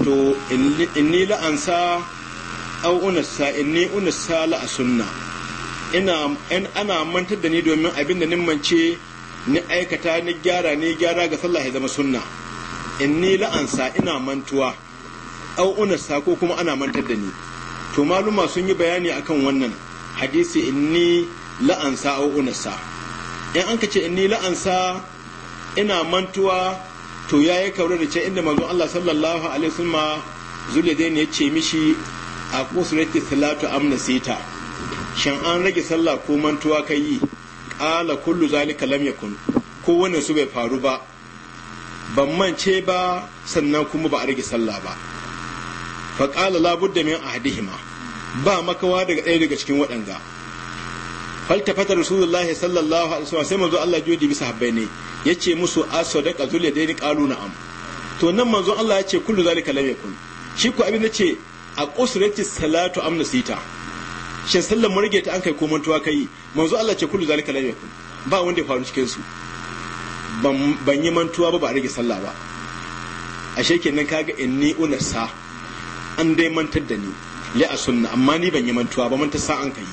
to inni la'ansa au unassa inni unassa la sunna ina in ana mantar da ni domin abin da mance ni aikata ni gyara ni gyara ga sallah ya zama sunna inni la'ansa ina mantuwa au unassa ko kuma ana mantar da ni to maluma sun yi bayani akan wannan hadisi inni la'ansa au unassa in an ka ce inni la'ansa ina mantuwa to ya yi kaura da can inda manzon Allah sallallahu alaihi wasallam zuladain ya ce mishi a kusurati salatu amna sita shin an rage sallah ko mantuwa kai yi qala kullu zalika lam yakun ko wani su bai faru ba ban mance ba sannan kuma ba a rage sallah ba fa qala la min ahdihima ba makawa daga ɗaya daga cikin waɗanga faltafata rasulullahi sallallahu alaihi wasallam sai manzo Allah ya bisa habbai ne ya ce musu asadaka zule da ni kalu am to nan manzo Allah ya ce kullu zalika lam yakun shi ko abin da ce a qusrati salatu amna sita shi sallan mu ta an kai ko mantuwa kai manzo Allah ce kullu zalika lam yakun ba wanda ya faru cikin su ban yi mantuwa ba ba a rage sallah ba ashe kenan kaga inni unasa an dai mantar da ni li sunna amma ni ban yi mantuwa ba mantar sa an kai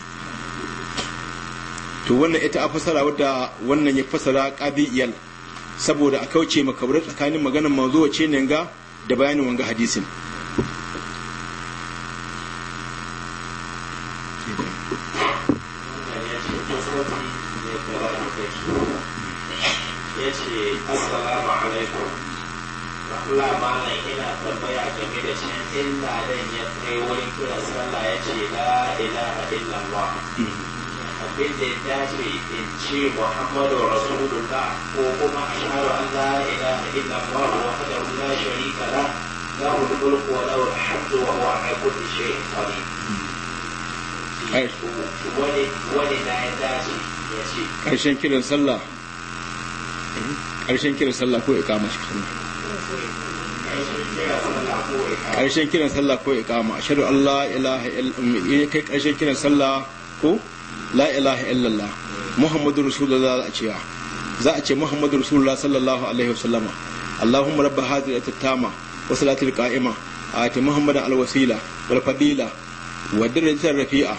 to wannan ita a fasara wadda wannan ya fasara qadiyal saboda a kauce makabarar tsakanin maganar manzo wace ne ga da bayanin wanga hadisin Allah malam ina tambaya game da shan illa dan ya kai wani kira sallah ya ce la ilaha illallah hmm. abin da ya in ce muhammadu rasulullah ko kuma ashhadu an la ilaha la sharika la lahu al-mulku wa lahu al-hamdu wa huwa ala kulli shay'in qadir wani wani na ya dace ya ce karshen kiran sallah karshen kiran sallah ko ikama shi kiran sallah ko ilaha eh, kai karshen kiran sallah ko la ilaha illallah muhammadu rasulullah za a cewa za a ce muhammadu rasulullah sallallahu alaihi wasallama allahumma rabba hadhihi at-tama wa salatil qa'ima ati muhammadan al-wasila wal fadila wa darajatar rafi'a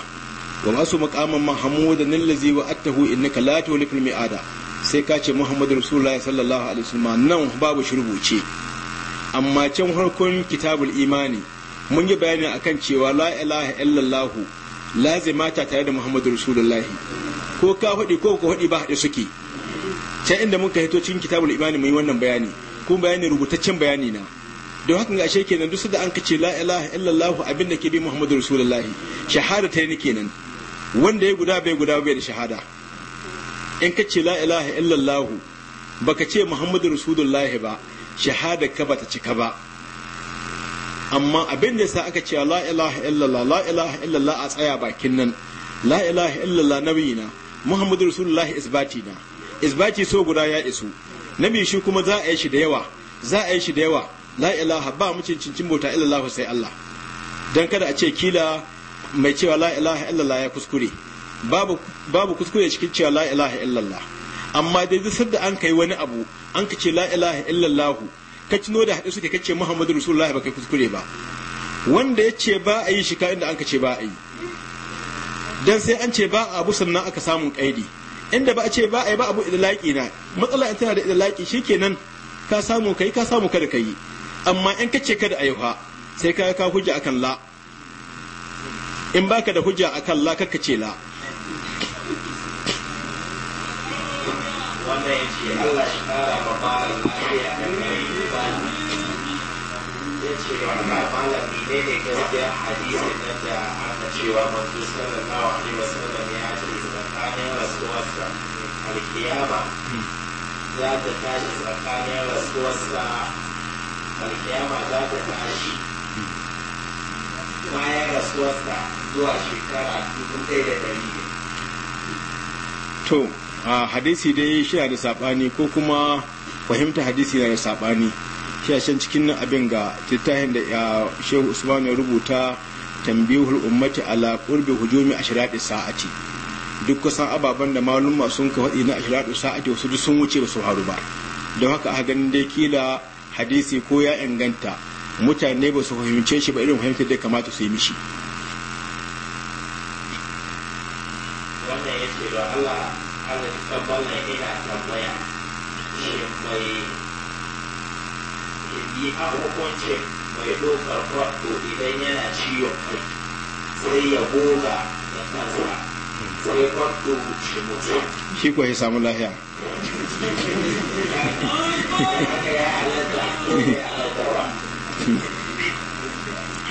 wa masu maqaman mahmudan allazi wa attahu innaka la tulifu miada sai ka ce muhammadu rasulullah sallallahu alaihi wasallam nan babu shirbuce amma can harkon kitabul imani mun yi bayani akan cewa la ilaha illallah lazimata tare da muhammadu rasulullahi ko ka hudi ko ka hudi ba haɗe suke can inda mun ka hito cikin kitabul imani mai wannan bayani ko bayani rubutaccen bayani na don haka ga ashe kenan duk da an kace la ilaha illallah abin da ke bi muhammadu rasulullahi shahada ta ne kenan wanda ya guda bai guda bai da shahada in kace la ilaha illallah baka ce muhammadu rasulullahi ba shahada ka bata cika ba amma abin da sa aka cewa la ilaha illallah la ilaha illallah a tsaya bakin nan la ilaha illallah nabiyina muhammadu rasulullahi isbati na isbati so guda ya isu nabi shi kuma za a yi shi da yawa za a yi shi da yawa la ilaha ba mu cincin bauta illallah sai Allah dan kada a ce kila mai cewa la ilaha illallah ya kuskure babu babu kuskure cikin cewa la ilaha illallah amma dai duk an kai wani abu an ka ce la ilaha illallah ka cino da haɗe suke ka ce muhammadu rasulullahi ba kai kuskure ba wanda ya ce ba a yi shi inda an ka ce ba a yi dan sai an ce ba abu sannan aka samun ƙa'idi. inda ba a ce ba a yi ba abu idalaƙi na matsala in tana da ke nan ka samu kai ka samu kada ka yi. amma in ka ce kada a yi fa sai ka ka hujja akan la in baka da hujja akan la kaka ce la wannan ya ce Allah shi kara ba ba ya ce da Allah malam ne ne gaskiya hadisin nan da aka cewa manzo sallallahu alaihi wasallam ya ce tsakanin rasuwarsa alkiyama za ta tashi tsakanin rasuwarsa alkiyama za ta tashi bayan rasuwarsa zuwa shekara dubu ɗaya da ɗari to a hadisi dai shi da saɓani ko kuma fahimta hadisi na da saɓani shashen cikin abin ga tattahin da shehu usman ya rubuta tambihul ummati ala qurbi hujumi ashraqi sa'ati duk kusan ababen da malumma sun ka faɗi na ashraqi sa'ati wasu sun wuce ba su haru ba don haka a ganin dai kila hadisi ko ya inganta mutane ba su fahimce shi ba irin fahimtar da kamata su yi mishi wannan ya da Allah ina shi mai yi a hukuncin mai dokar kwaɗo idan yana ciwon kai sai ya goga da kansa sai kwaɗo shi mutum shi kuwa ya samu lahiya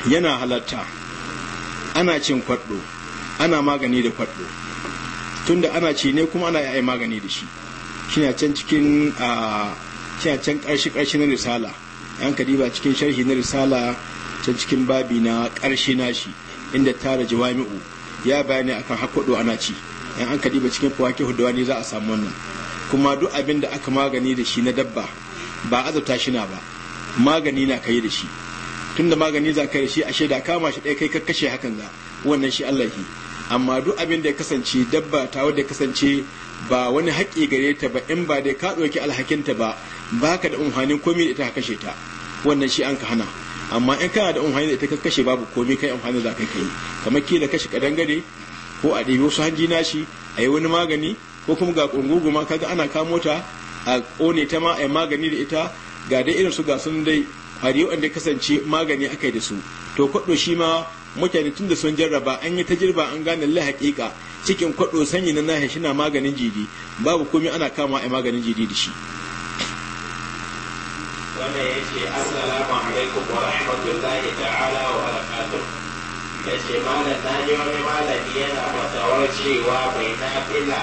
yana halatta ana cin kwaɗo ana magani da kwaɗo tunda ana ci ne kuma ana yi magani da shi shi can cikin ah, a can ƙarshe ƙarshe na risala yan kadiba cikin sharhi na risala can cikin babi na ƙarshe nashi inda tara jawami'u ya bayani akan hakwado ana ci yan an kadiba cikin fawaki hudawa ne za a samu wannan kuma duk abin da aka magani da shi na dabba ba azabta shi na ba magani na kai da shi tunda magani za ka yi da shi ashe da kama shi ɗaya kai kakkashe hakan za wannan shi Allah yi amma duk abin da ya kasance dabba ta wadda ya kasance ba wani haƙƙi gare ta ba in ba dai ka ɗauki alhakinta ba ba ka da umhanin komai da ita ka kashe ta wannan shi an ka hana amma in kana da umhani da ita ka kashe babu komai kai amfani da ka kai kamar kila kashe kadangare ko a ɗebi wasu hanji nashi a yi wani magani ko kuma ga ƙungurguma kaga ana kamo ta a ƙone ta ma a yi magani da ita ga dai irin su ga sun dai hari wanda kasance magani aka yi da su to kwaɗo shi ma mutane tun da sun jarraba an yi ta jirba an gane la haƙiƙa cikin kwaɗo sanyi na nahi shi na maganin jiri babu komai ana kama a maganin jiri da shi wanda ya ce assalamu alaikum wa rahmatullahi ta'ala wa barakatuh da ce malam na ji wani malami yana matawar cewa na fila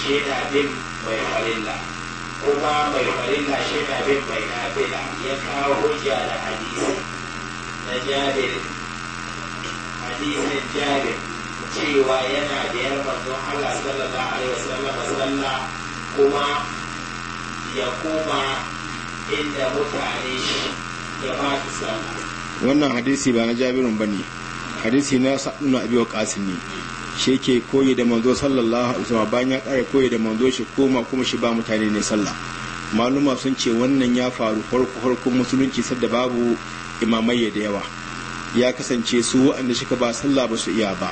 shi na bin mai la. kuma mai farilla shi na bin mai nafila ya kawo hujja da hadisi na jabir hadisin jabir cewa yana biyar manzon Allah sallallahu alaihi wasallam sallah kuma ya koma inda mutane shi ya ba su sallah wannan hadisi ba na jabirin ba ne hadisi na sa'una abi wa ne shi yake koyi da manzo sallallahu alaihi wasallam bayan ya kare koyi da manzo shi koma kuma shi ba mutane ne sallah maluma sun ce wannan ya faru farko farkon musulunci sadda babu imamai da yawa ya kasance su shi ka ba sallah ba su iya ba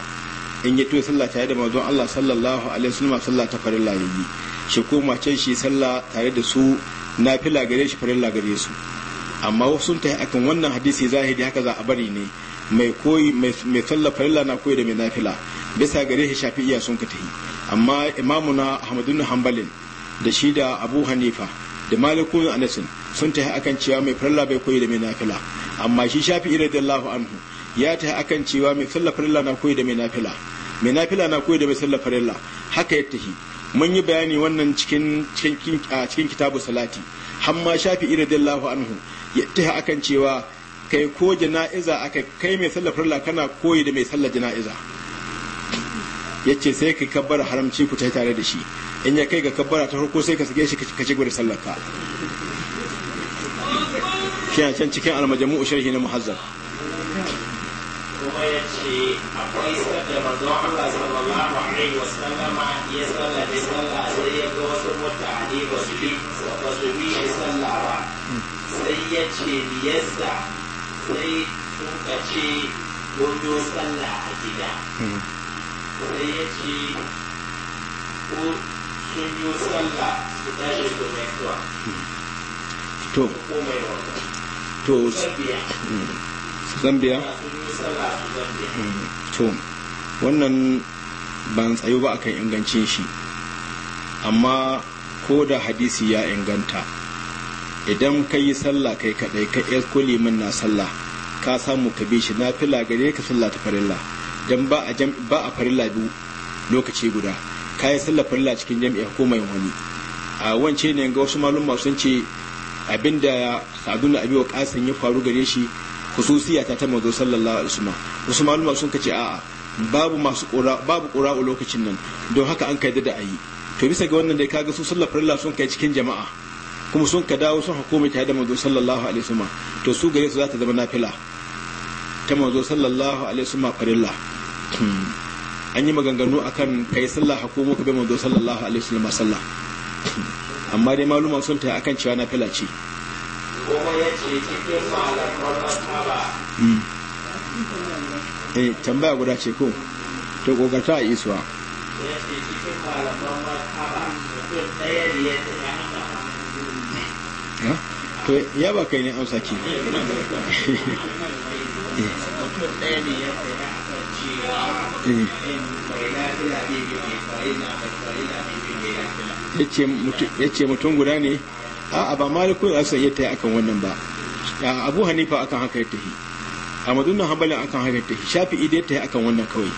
in ya to sallah tare da manzo Allah sallallahu alaihi wasallam sallah ta farilla yayi shi koma can shi sallah tare da su nafila gare shi farilla gare su amma wasu sun tafi akan wannan hadisi zahiri haka za a bari ne mai koyi mai sallah farilla na koyi da mai nafila bisa gare shi iya sun ka tahi amma imamuna ahmadun hanbalin da shi da abu hanifa da malikun anasin sun tahi akan cewa mai farla bai koyi da mai nafila amma shi shafi da allahu anhu ya tahi akan cewa mai salla farla na koyi da mai nafila mai nafila na koyi da mai salla farla haka ya tahi mun yi bayani wannan cikin cikin cikin kitabu salati hamma da allahu anhu ya tahi akan cewa kai ko jana'iza aka kai mai sallar farla kana koyi da mai sallar jana'iza yace sai ka kabbara haramci ku tai tare da shi in ya kai ga kabbara ta farko sai ka sake shi ka ci gaba da sallarka shi a can cikin almajamu sharhi na muhazzab kuma ya ce akwai sadda manzon Allah sallallahu alaihi wasallama ya sallabe sallah sai ya ga wasu mutane ba su yi ba su yi sallah ba sai ya ce yasa sai ka ce mun sallah a gida hmm. zambiya mm, mm, wannan ban tsayo ba akan ingancin shi amma ko da hadisi ya inganta idan ka yi sallah kai kaɗai ka iya eh, kuli na sallah ka samu ka bi shi na fila gare ka sallah ta farilla dan ba a ba a farilla biyu lokaci guda kayi sallar farilla cikin jami'a ko mai wani a wance ne ga wasu malum sun ce abinda sadun abi wa kasan ya faru gare shi hususiya ta ta mazo sallallahu alaihi wasallam wasu malum sun kace a'a babu masu qura babu a lokacin nan don haka an kaida da ayi to bisa ga wannan dai kaga su sallar farilla sun kai cikin jama'a kuma sun ka dawo sun hukumi tare da manzo sallallahu alaihi wasallam to su gare su za ta zama nafila ta manzo sallallahu alaihi wasallam farilla Hmm. an yi maganganu akan kai sallah hakumu ka bai manzo sallallahu alaihi wasallam sallah amma dai maluma sun ta akan cewa na fila ce kuma yace cikin malaman masaba eh tambaya guda ce ko to kokarta a isuwa yace eh? cikin malaman masaba mutum ɗaya ne ya tsaya to ya ba kai ne amsa ki ya eh. ya ce mutum guda ne a ba malikul asan ya tayi akan wannan ba abu hanifa akan haka ya tafi a madunan hanbalin akan haka ya tafi shafi da ya tayi akan wannan kawai